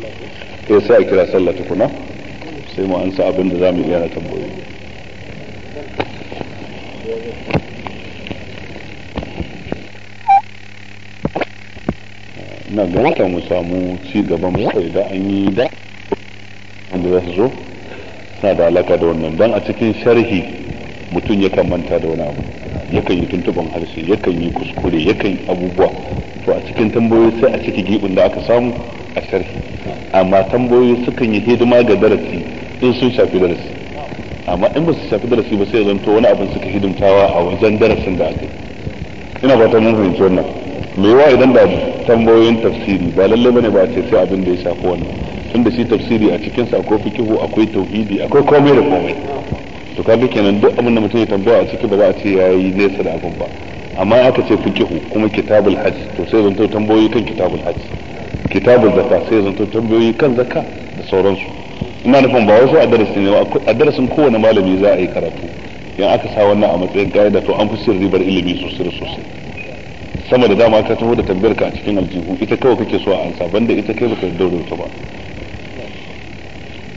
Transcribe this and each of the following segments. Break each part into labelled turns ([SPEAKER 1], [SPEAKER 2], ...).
[SPEAKER 1] ya eh, sai kira sallah tukuna sai mu ansa abin da zamu iya na tambayoyi na ga wata mu samu ci gaban sai da an yi da wanda za su zo na da alaka da wannan dan a cikin sharhi mutum ya manta da wani abu yakan yi tuntuban harshe yakan yi kuskure yakan yi abubuwa to a cikin tambayoyi sai a ciki gibin da aka samu a sharhi amma tambayoyi sukan yi hidima ga darasi in sun shafi darasi amma in ba su shafi darasi ba sai zanto wani abin suka hidimtawa a wajen darasin da aka yi ina fatan mun fahimci wannan me yawa idan da tambayoyin tafsiri ba lalle bane ba a ce sai abin da ya shafi wannan tunda shi tafsiri a cikin sa akwai fikihu akwai tauhidi akwai komai da komai to kaga kenan duk abin da mutum ya tambaya a ciki ba za a ce ya yi nesa da abin ba amma aka ce fiqhu kuma kitabul hajj to sai zanto tambayoyi kan kitabul hajj kitabul zakka sai zanto tambayoyi kan zakka da sauransu ina nufin ba wasu a darasin ne a darasin kowane malami za a yi karatu in aka sa wannan a matsayin gaida to an fi sirri ribar ilimi sosai sosai sama da dama ka taho da tambayar ka a cikin aljihu ita kawai kake so a ansa banda ita kai baka daure ta ba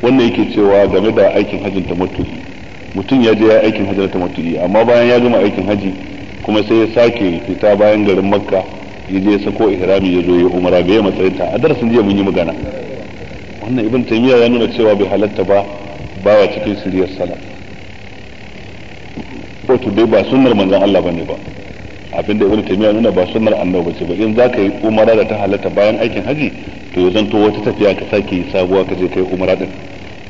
[SPEAKER 1] wannan yake cewa game da aikin hajjin tamattu'i mutum ya je ya aikin hajji ta matu'i amma bayan ya gama aikin hajji kuma sai ya sake fita bayan garin makka ya je ya sako ihrami ya zo ya umara bai matsayin a darasin jiya mun yi magana wannan ibn taymiya ya nuna cewa bai halatta ba baya cikin siriyar sana ko to dai ba sunnar manzon Allah bane ba abinda ibn taymiya nuna ba sunnar annabi bace ba in zaka yi umara da ta halatta bayan aikin hajji to ya zanto wata tafiya ka sake yi sabuwa ka je kai umara din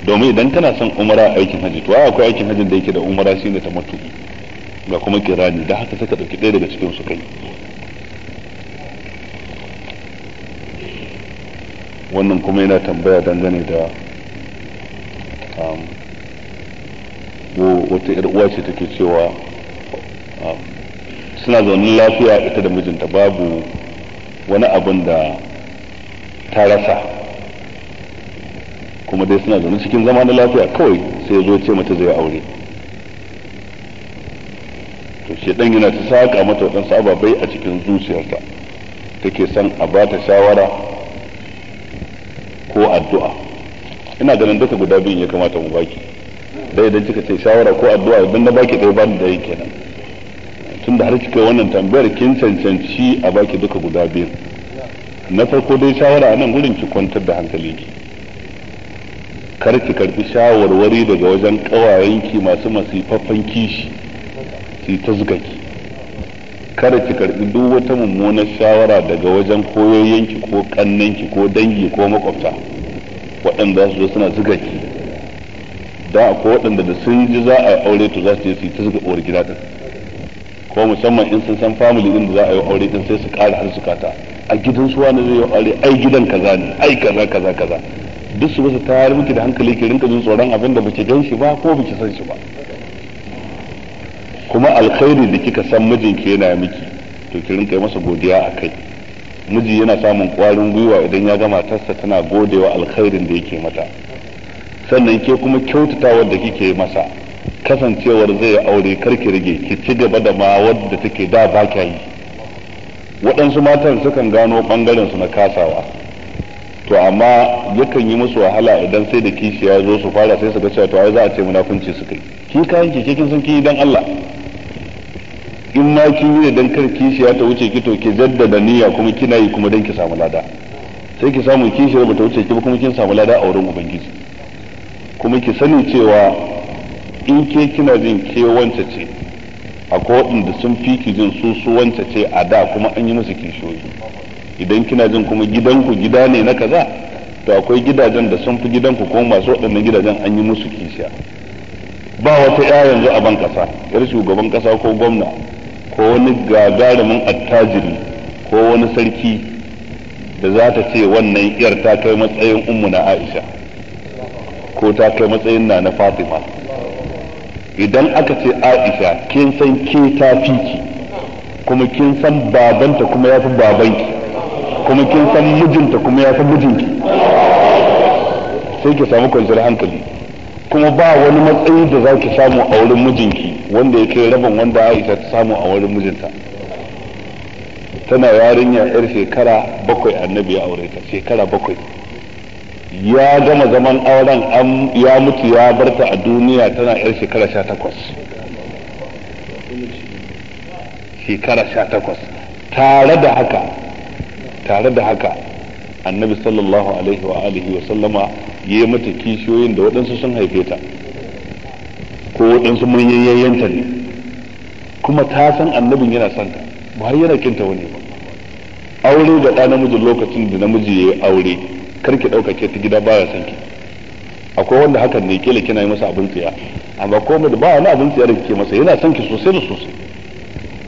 [SPEAKER 1] domin idan kana son umara aikin hajji to akwai aikin hajin da yake da umara ne ta mutu ga kuma kirani da haka saka dauki ɗaya daga cikin su kai wannan kuma yana tambaya dangane da um, wata yar uwa ce take cewa um, suna zaune lafiya ita da mijinta babu wani abin da ta rasa kuma dai suna zaune cikin zama na lafiya kawai sai zo ce mata zai aure to shedan yana ta saka mata waɗansu ababai a cikin zuciyarta take son a ba ta shawara ko addu'a ina ganin duka guda biyun ya kamata mu baki dai idan kika ce shawara ko addu'a idan na baki ba bani da kenan da har kika wannan tambayar kin cancanci a baki duka guda biyun na farko dai shawara a nan gurin ki kwantar da hankali ki kar ki karbi shawarwari daga wajen kawayenki masu masifaffan kishi ki ta zuga ki kar ki karbi duk wata mummunar shawara daga wajen koyoyenki ko kannanki ko dangi ko makwabta waɗanda su zo suna zuga ki da akwai waɗanda da sun ji za a aure to za su je su ta zuga uwar gida din ko musamman in sun san family din da za a yi aure din sai su ƙara har su kata a gidan su wani zai yi aure ai gidan kaza ne ai kaza kaza kaza duk su basu tayar miki da hankali ki rinka jin tsoron abin da baki gan shi ba ko baki san shi ba kuma alkhairi da kika san mijinki yana miki to ki rinka masa godiya a kai miji yana samun kwarin gwiwa idan ya ga matarsa tana godewa alkhairin da yake mata sannan ke kuma kyautata da kike masa kasancewar zai aure kar ki rage ki ci gaba da ma wadda take da ba yi waɗansu matan sukan gano ɓangaren su na kasawa to amma yakan yi musu wahala idan sai da kishi ya zo su fara sai su ga cewa to ai za a ce munafunci su kai ki kayan ki kin san ki dan Allah in ma kin yi dan kar kishi ya ta wuce ki to ki jaddada niyya kuma kina yi kuma dan ki samu lada sai ki samu kishi ba ta wuce ki ba kuma kin samu lada a wurin ubangiji kuma ki sani cewa in ke kina jin ke wance ce akwai waɗanda sun fi ki jin su su wance ce a da kuma an yi musu kishiyoyi idan kina jin kuma gidanku gida ne na kaza to akwai gidajen da sun fi gidanku ko masu waɗannan gidajen an yi musu kishiya ba wata ya yanzu a ban kasa yar shugaban kasa ko gwamna ko wani gagarumin attajiri ko wani sarki da za ta ce wannan yar ta kai matsayin ummu na aisha ko ta kai matsayin na na fatima idan aka ce aisha kin san ke ta fi ki kuma kin san babanta kuma ya fi babanki kuma kin san mijinta kuma ya san mijinki sai ki samu kwanciyar hankali kuma ba wani matsayi da za ki samu a wurin mijinki wanda ya rabin wanda Aisha ta samu a wurin mijinta tana yarinya yar shekara bakwai annabi ya aure ta shekara bakwai ya gama zaman auren an ya mutu ya barta a duniya tana yar shekara sha takwas shekara sha takwas tare da haka tare da haka annabi sallallahu alaihi wa alihi wa sallama yayi mata kishiyoyin da waɗansu sun haife ta ko waɗansu manyan yayyanta ne kuma ta san annabin yana son ta ba har yana kinta wani ba aure ga ɗa namiji lokacin da namiji ya yi aure karki ɗauka ke ta gida baya son ki akwai wanda hakan ne kila kina yi masa abin tsiya amma ko da ba wani abin tsiya da kike masa yana son ki sosai da sosai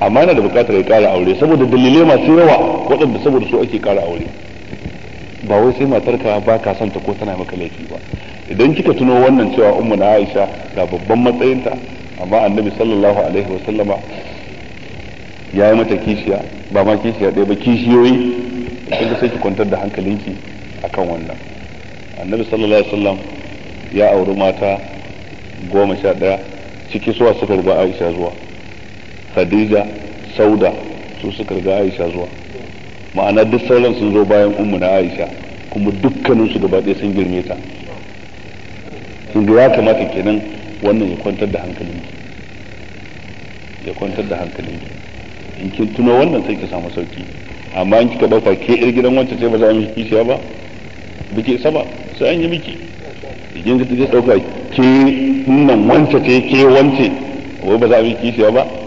[SPEAKER 1] amma yana da bukatar ya kara aure saboda dalilai masu yawa waɗanda saboda su ake kara aure ba wai sai ka ba ka son ta ko tana maka laifi ba idan kika tuno wannan cewa ummu na Aisha ga babban matsayinta amma annabi sallallahu alaihi wasallama ya yi mata kishiya ba ma kishiya ɗaya ba kishiyoyi ka sai ki kwantar da hankalinki akan wannan annabi sallallahu alaihi wasallam ya auri mata goma sha ɗaya ciki suwa suka ruba Aisha zuwa khadija sauda su suka riga aisha zuwa ma'ana duk sauran sun zo bayan ummu na aisha kuma dukkanin su gaba ɗaya sun girme ta sun ya kamata kenan wannan ya kwantar da hankalin ki ya kwantar da hankalin ki in kin tuno wannan sai ki samu sauki amma in kika dauka ke ir gidan wancan sai ba za a miki kishiya ba biki isa sai an yi miki idan ka dauka ke nan wancan ce ke wance wai ba za a miki kishiya ba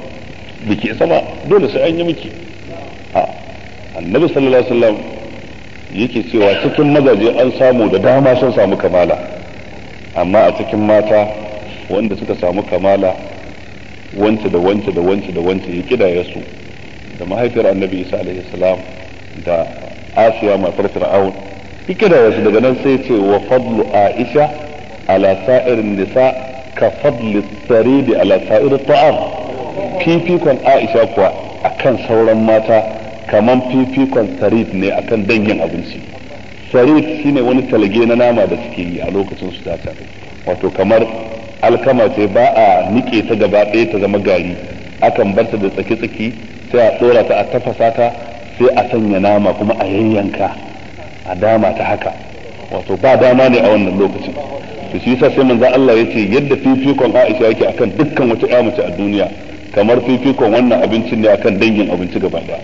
[SPEAKER 1] da ke sama dole sai an yi miki annabi sallallahu alaihi wasallam yake cewa cikin mazaje an samu da dama sun samu kamala amma a cikin mata wanda suka samu kamala wance da wance da wance da wance ya kidaya su da mahaifiyar annabi isa alaihi salam da asiya matar fir'aun ya kidaya su daga nan sai ce wa fadlu aisha ala sa'irin nisa ka fadli saridi ala sa'ir ta'am fifikon Aisha kuwa akan sauran mata kamar fifikon sarid ne akan dangin abinci sarid shine wani talage na nama da suke yi a lokacin su ta wato kamar alkama ce ba a nike ta gaba ɗaya ta zama gari akan barta da tsaki-tsaki sai a ɗora ta a tafasa ta sai a sanya nama kuma a yayyanka a dama ta haka wato ba dama ne a wannan lokacin to shi yasa sai manzo Allah yace yadda fifikon Aisha yake akan dukkan wata ƴa mace a duniya kamar fifikon wannan abincin ne akan dangin abinci gaba ba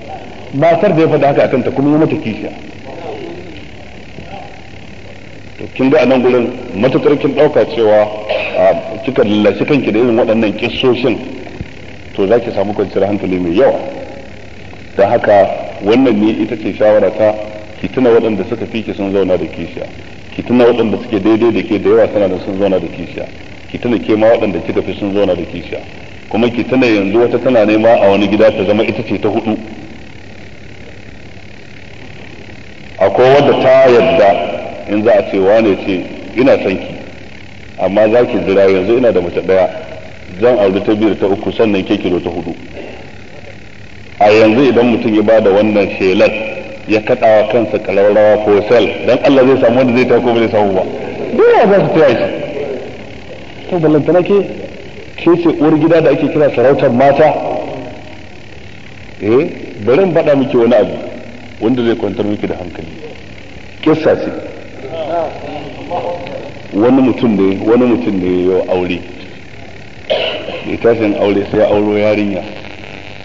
[SPEAKER 1] matar da ya faɗa haka akan ta kuma mata kishiya to kin ga anan gurin matatarkin kin dauka cewa kika lallashi kanki da irin waɗannan kissoshin to za ki samu kwanciyar hankali mai yawa da haka wannan ne ita ce shawara ta ki tuna waɗanda suka fi ki sun zauna da kishiya ki tuna waɗanda suke daidai da ke da yawa suna da sun zauna da kishiya ki tuna ke ma waɗanda kika fi sun zauna da kishiya kuma ki tana yanzu wata tana nema a wani gida ta zama ita ce ta hudu akwai wanda ta yadda in za a ce wane ce ina son ki amma za ki jira yanzu ina da mace daya zan auri ta biyu ta uku sannan ke kilo ta hudu a yanzu idan mutum ya bada wannan shelar ya kaɗawa kansa kalawarawa ko sel dan Allah zai samu wanda zai ta ko bai samu ba dole za su taya shi ke ce uwar gida da ake kira sarautar mata eh bari in faɗa miki wani abu wanda zai kwantar miki da hankali kissa ce wani mutum ne wani mutum ne ya aure da tashin aure sai ya auro yarinya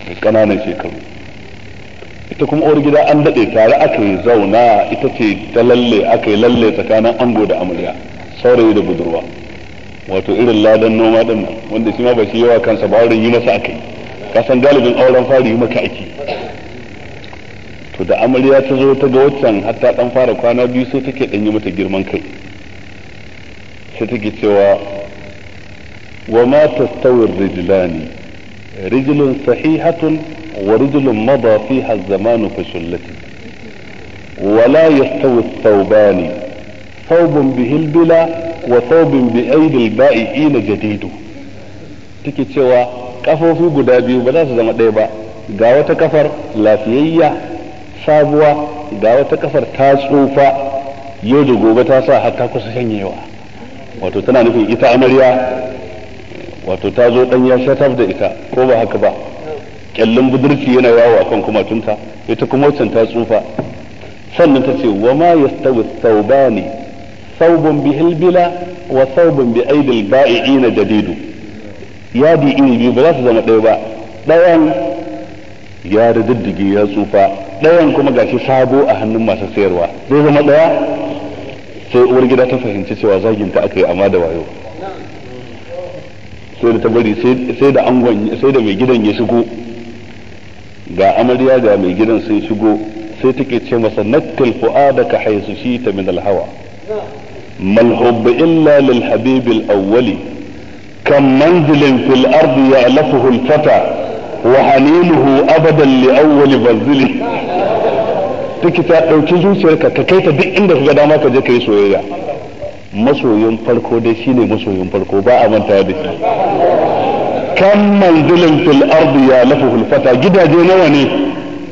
[SPEAKER 1] mai ƙananan shekaru ita kuma uwar gida an daɗe tare aka yi zauna ita ce ta lalle aka yi lalle tsakanin ango da amarya saurayi da budurwa wato irin ladan noma din nan wanda shi ma ba shi yawa kansa ba auren yi masa akai ka san galibin auren fari yi maka ake to da amarya ta zo ta ga waccan har ta dan fara kwana biyu sai take dan yi mata girman kai sai take cewa wa ma tastawi rijlani rijlun sahihatun wa rijlun mada fiha az-zamanu fi shullati wa yastawi thawbani thawbun bihi bila wa thawbin bi aidil ba'i'ina jadidu take cewa kafofi guda biyu ba za su zama ɗaya ba ga wata kafar lafiyayya sabuwa ga wata kafar ta tsufa yau da gobe ta sa har ta kusa shanyewa wato tana nufin ita amarya wato ta zo dan ya shatar da ita ko ba haka ba kyallin budurci yana yawo akan kumatunta ita kuma wancan ta tsufa sannan ta ce wa ma yastawi thawbani saubun bihil hilbila wa saubun bi aidil ba'i'ina jadidu yadi iri ba za su zama ɗaya ba ɗayan ya diddige ya tsufa ɗayan kuma gashi sabo a hannun masu sayarwa zai zama ɗaya sai uwar ta fahimci cewa zaginta aka yi amma da wayo sai da ta bari sai da mai gidan ya shigo ga amarya ga mai gidan sun shigo sai take ce masa nakkal fu'adaka haythu shi ta min al-hawa ما الحب إلا للحبيب الأول كم منزل في fata يألفه الفتى وحنينه أبدا لأول منزله take ta ɗauki zuciyarka ka kai ta duk inda ka ga dama ka je ka yi soyayya masoyin farko dai shine masoyin farko ba a manta da shi kan manzilin fil ardi ya lafu gidaje nawa ne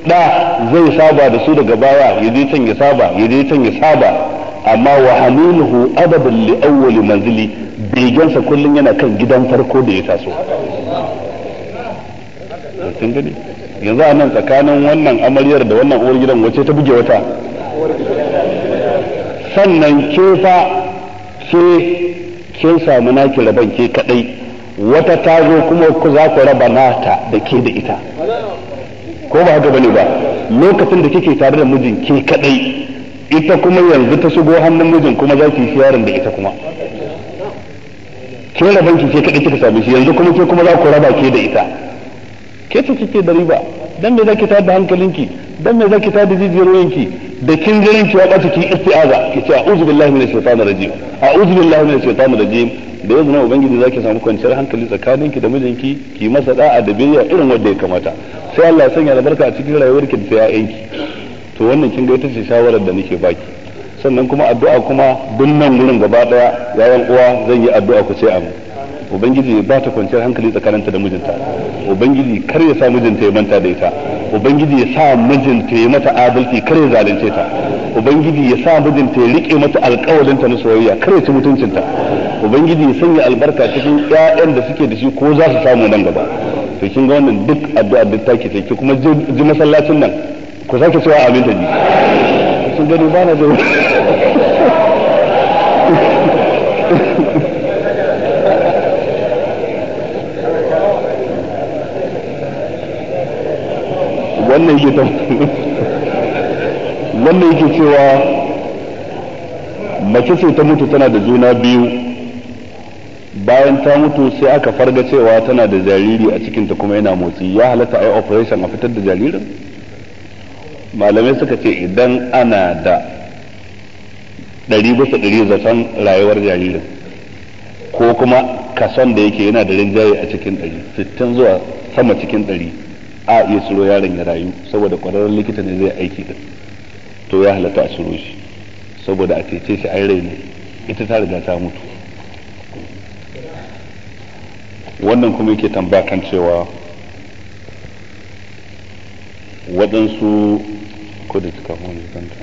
[SPEAKER 1] da zai saba da su daga baya yaje can ya saba yaje can ya saba amma wa hamiluhu abadan li awwali manzili gansa kullun yana kan gidan farko da ya taso yanzu a nan tsakanin wannan amaryar da wannan uwar gidan wace ta buge wata sannan ke fa ke kin samu naki raban ke kadai wata ta zo kuma ku za ku raba nata da ke da ita ko ba haka bane ba lokacin da kike tare da mijin ke kadai ita kuma yanzu ta shigo hannun mijin kuma za ki sharing da ita kuma ke raban ki ce kaɗai kika sami shi yanzu kuma ke kuma za ku raba ke da ita ke ce kike da riba dan me zaki tada hankalinki dan me zaki tada jijiyar wayanki da kin jirin ki waka ki isti'aza ki ce a'udhu billahi minash shaitanir rajim a'udhu billahi minash shaitanir rajim da yanzu nan ubangiji zaki samu kwanciyar hankali tsakaninki da mijinki ki masa da'a da biyayya irin wanda ya kamata sai Allah ya sanya albarka a cikin rayuwarki da 'ya'yanki to wannan kin ga ita ce shawarar da nake baki sannan kuma addu'a kuma duk nan gaba daya yayan uwa zan yi addu'a ku ce amin ubangiji ba ta kwanciyar hankali tsakaninta da mijinta ubangiji kar ya sa mijinta ya manta da ita ubangiji ya sa mijinta ya mata adalci kar ya zalunce ta ubangiji ya sa mijinta ya rike mata ta na soyayya kar ya ci mutuncinta ubangiji ya sanya albarka cikin ƴaƴan da suke da shi ko za su samu nan gaba to kin ga wannan duk addu'a duk take take kuma ji masallacin nan ku sake cewa amin da ni sun gani ba na jin wannan yake ta wannan yake cewa mace ce ta mutu tana da juna biyu bayan ta mutu sai aka farga cewa tana da jariri a cikinta kuma yana motsi ya halatta a yi operation a fitar da jaririn malamai suka ce idan ana da ɗari bisa ɗari zaton rayuwar jaririn ko kuma kason da yake yana da rinjaye a cikin ɗari sittin zuwa sama cikin ɗari a iya ciro yaron ya rayu saboda ƙwararren likita ne zai aiki da to ya halatta a ciro shi saboda a cece shi ai rai ne ita ta riga ta mutu wannan kuma yake tambaya kan cewa waɗansu كودت كهون كنت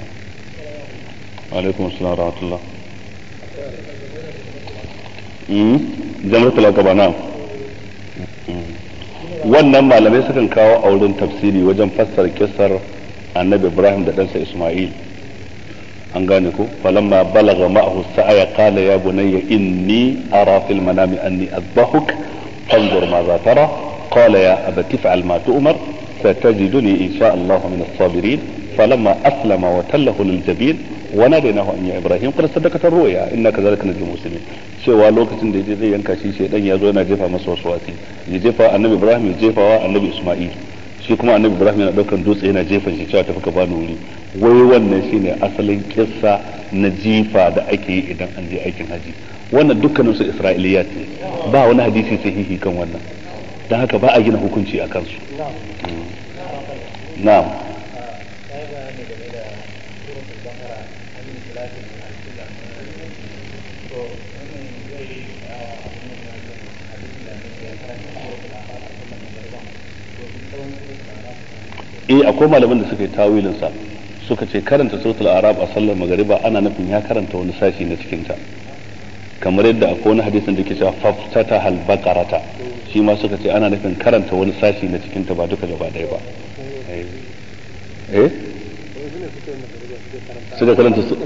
[SPEAKER 1] عليكم السلام ورحمة الله jamar talakaba na wannan malamai sukan kawo a wurin tafsiri wajen fassara kisar annabi ibrahim da ɗansa isma'il an gane ko falamma balaga ma'ahu sa'aya qala ya bunayya inni ara fil manami anni azbahuk fanzur ma za tara qala ya abati fa'al ma tu'mar satajiduni insha Allah min as-sabirin فلما أسلم وتله للجبين وناديناه أن يا إبراهيم قد صدقت الرؤيا إنا كذلك نجزي المسلمين cewa lokacin da zai yanka shi shedan ya zo yana jefa masa wasu wasi ya jefa annabi ibrahim ya jefa wa annabi isma'il shi kuma annabi ibrahim yana daukan dutse yana jefan shi cewa tafi ka bani wuri wai wannan shine asalin kissa na jifa da ake yi idan an je aikin haji wannan dukkanin su isra'iliyat ne ba wani hadisi sahihi kan wannan dan haka ba a gina hukunci a kansu na'am eh akwai malaman da suka yi tawilin sa suka ce karanta suratul arab a sallar magariba ana nufin ya karanta wani sashi na cikin ta kamar yadda akwai wani hadisin da ke cewa faftata hal baqarata shi ma suka ce ana nufin karanta wani sashi na cikin ta ba duka gaba daya ba eh suka karanta su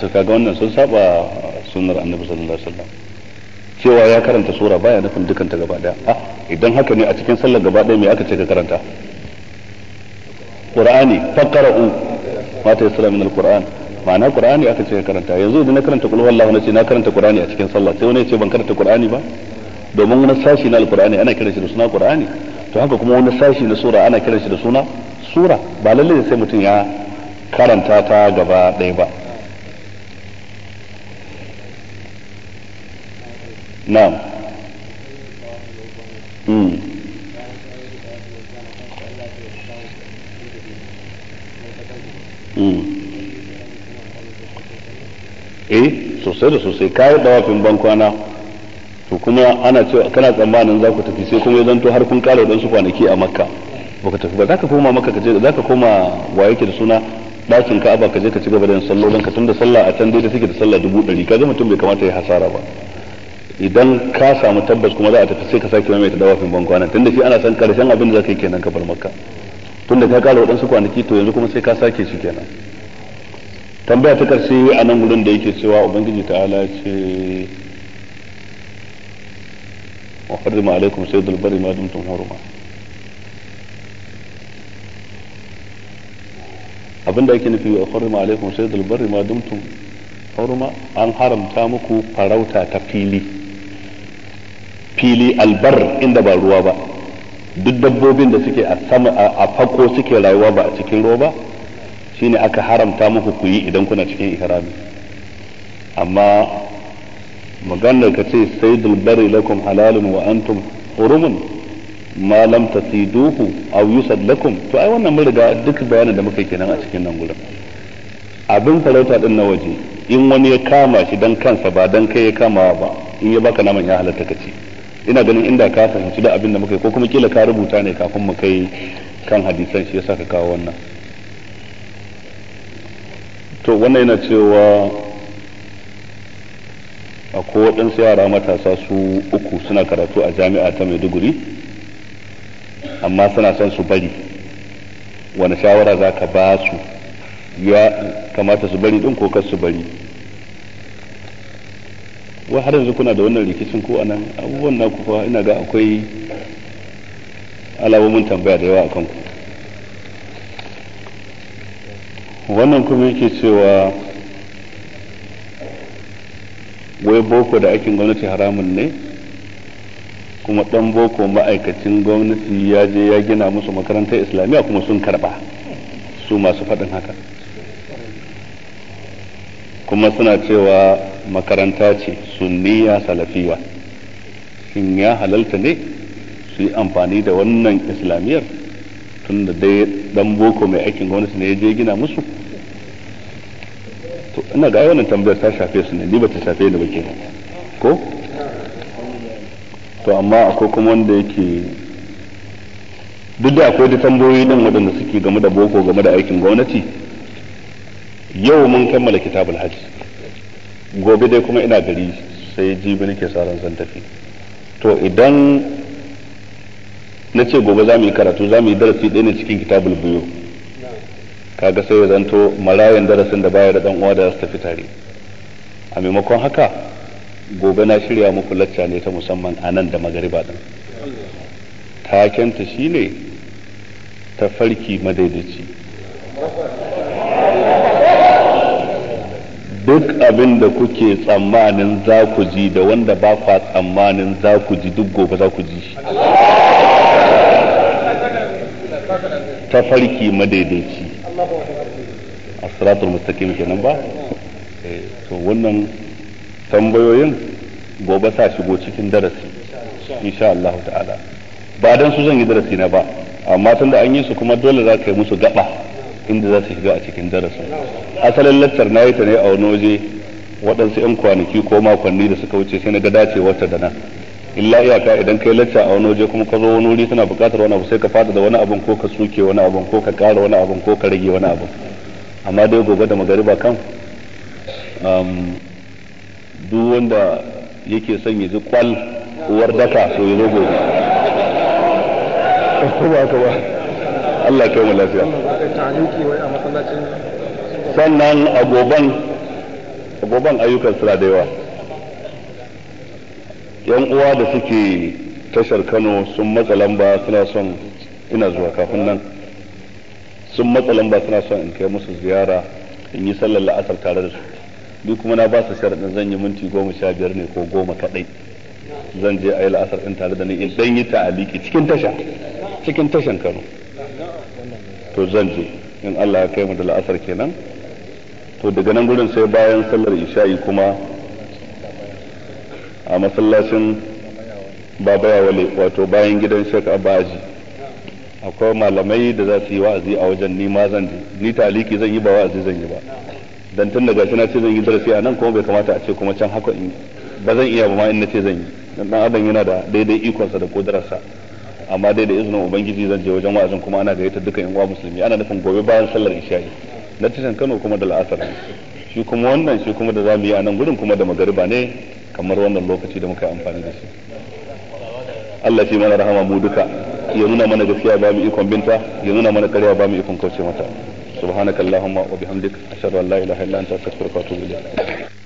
[SPEAKER 1] to kaga wannan sun saba sunnar annabi sallallahu alaihi wasallam cewa ya karanta sura baya nufin dukan ta gaba daya ah idan haka ne a cikin sallar gaba daya me aka ce ka karanta qur'ani faqra'u ma ta yasra min alquran ma'ana qur'ani aka ce ka karanta yanzu idan na karanta qul huwallahu ce na karanta qur'ani a cikin sallah sai wani ya ce ban karanta qur'ani ba domin wani sashi na alqur'ani ana kiran shi da suna qur'ani to haka kuma wani sashi na sura ana kiran shi da suna sura ba lalle sai mutum ya karanta ta gaba daya ba na'am mm eh sosai da sosai kayi dawafin bankwana to kuma ana cewa kana tsammanin za ku tafi sai kuma zan to har kun kare wadansu kwanaki a makka baka tafi ba za ka koma makka ka je za ka koma wa yake da suna ɗakin ka'aba ka je ka ci gaba da yin sallolin ka tun da sallah a can dai da take da sallah dubu ɗari kaga mutum bai kamata ya hasara ba idan ka samu tabbas kuma za a tafi sai ka sake mai ta dawafin ban kwana tunda shi ana san karshen abin da ka yi kenan ka bar makka tunda ka kara waɗansu kwanaki to yanzu kuma sai ka sake shi kenan tambaya ta karshe a nan gurin da yake cewa ubangiji ta'ala ce wa ma alaikum sai dalbari ma dumtum hurma abinda ake nufi wa ma alaikum sai dalbari ma dumtum hurma an haramta muku farauta ta fili fili albar inda ba ruwa ba duk dabbobin da suke a sama a fako suke rayuwa ba a cikin ruwa ba shine aka haramta muku ku yi idan kuna cikin ihrami amma maganar ka ce saydul bari lakum halalun wa antum hurumun ma lam tasiduhu aw yusad lakum to ai wannan mun riga duk bayanin da muka kenan a cikin nan gurin abin farauta din na waje in wani ya kama shi dan kansa ba dan kai ya kamawa ba in ya baka naman ya halatta ka ci ina ganin inda ka fahimci da abin da muka yi ko kuma kila ka rubuta ne kafin mu kai kan hadisan shi yasa ka kawo wannan to wannan yana cewa akwai waɗansu yara matasa su uku suna karatu a jami'a ta maiduguri amma suna son su bari wani shawara za ka ba su ya kamata su bari ɗin ko kar su bari wai har yanzu kuna da wannan rikicin ko anan abubuwan naku fa ina ga akwai alamomin tambaya da yawa a kanku wannan kuma yake cewa wai boko da aikin gwamnati haramun ne kuma dan boko ma'aikacin gwamnati ya je ya gina musu makarantar islamiyya kuma sun karba su masu faɗin haka kuma suna cewa makaranta ce sunniya salafiya shin ya halalta ne su yi amfani da wannan islamiyar tun da dai dan boko mai aikin gwamnati ne ya je gina musu to ina ga wannan tambayar ta shafe su ne ni ba ta shafe ni ba kenan ko to amma akwai kuma wanda yake duk da akwai da tambayoyi nan waɗanda suke game da boko game da aikin gwamnati yau mun kammala kitabul hajji gobe dai kuma ina gari sai jibi nake sa ran zan tafi to idan na ce gobe za mu yi karatu za mu yi darasi ɗaya ne cikin kitabul biyu kaga sai ya zanto marayan darasin da baya da dan uwa da za su tafi tare a maimakon haka gobe na shirya muku lacca ne ta musamman a nan da magariba shi takenta shine tafarki madaidaici duk abin da kuke tsammanin za ku ji da wanda ba kwa tsammanin za ku ji duk gobe za ku ji shi farki madaidaici A asiratul mustaqim kenan ba eh, to wannan tambayoyin gobe sa shigo cikin darasi insha Allah ta'ala ba dan su zan yi darasi na ba amma tunda an yi su kuma dole za ka yi musu gaba inda za su shiga a cikin darasin asalin lattar na yi ta ne a wani waje waɗansu 'yan kwanaki ko makonni da suka wuce sai na ga dacewarta da nan illa iyaka idan kai lacca a wani waje kuma ka zo wani wuri tana buƙatar wani abu sai ka fada da wani abun ko ka suke wani abun ko ka ƙara wani abun ko ka rage wani abun amma dai gobe da magariba kan um, duk wanda yake son ya ji kwal uwar daka so ya zo gobe Allah kai mu lafiya sannan agoban agoban ayyukan sura da yawa yan uwa da suke tashar Kano sun matsa lamba suna son ina zuwa kafin nan sun matsa lamba suna son in kai musu ziyara in yi sallar la'asar tare da su ni kuma na ba su sharaɗin zan yi minti goma sha biyar ne ko goma kaɗai zan je a yi la'asar ɗin tare da ni in ɗan yi ta'aliki cikin tasha cikin tashan kano to zan je in Allah ya kai mu da la'asar kenan to daga nan gurin sai bayan sallar isha'i kuma a masallacin baba ya wale wato bayan gidan shek abaji akwai malamai da za su yi wa'azi a wajen ni ma zan je ni taliki zan yi ba wa'azi zan yi ba dan tun daga shi na ce zan yi darasi a nan kuma bai kamata a ce kuma can haka in ba zan iya ba ma in na ce zan yi dan adam yana da daidai ikonsa da darassa. amma dai da izinin ubangiji zan je wajen wa'azin kuma ana gayyatar dukkan yan uwa musulmi ana nufin gobe bayan sallar isha'i na tashan Kano kuma da la'asar shi kuma wannan shi kuma da za mu yi a nan gudun kuma da magariba ne kamar wannan lokaci da muka yi amfani da shi Allah shi mana rahama mu duka ya nuna mana gaskiya ba mu ikon binta ya nuna mana karya ba mu ikon kauce mata subhanakallahumma wa bihamdika ashhadu an la ilaha illa anta astaghfiruka wa atubu ilayk